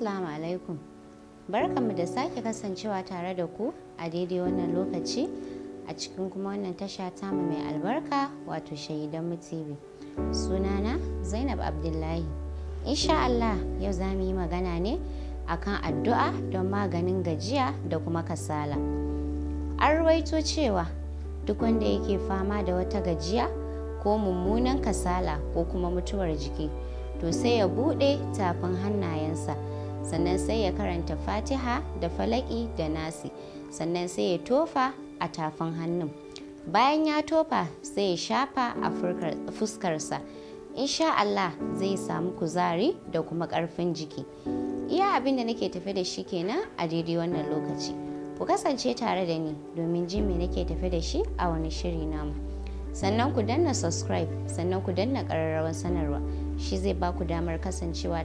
Assalamu alaikum. Barkanmu da sake kasancewa tare da ku a daidai wannan lokaci a cikin kuma wannan tasha tamu mai albarka wato mu TV. Sunana Zainab Abdullahi. Insha Allah yau za mu yi magana ne akan addu'a don maganin gajiya da kuma kasala. An ruwaito cewa duk wanda yake fama da wata gajiya ko mummunan kasala ko kuma mutuwar jiki. to sai ya buɗe tafin hannayensa sannan sai ya karanta fatiha da falaki da nasi sannan sai ya tofa a tafin hannun bayan ya tofa sai ya shafa a fuskarsa insha Allah zai samu kuzari da kuma karfin jiki iya abin da nake tafe da shi kenan a daidai wannan lokaci ku kasance tare da ni domin jin me nake tafe da shi a wani shiri namu sannan ku danna subscribe sannan ku danna ƙararrawar sanarwa shi zai ba ku damar kasancewa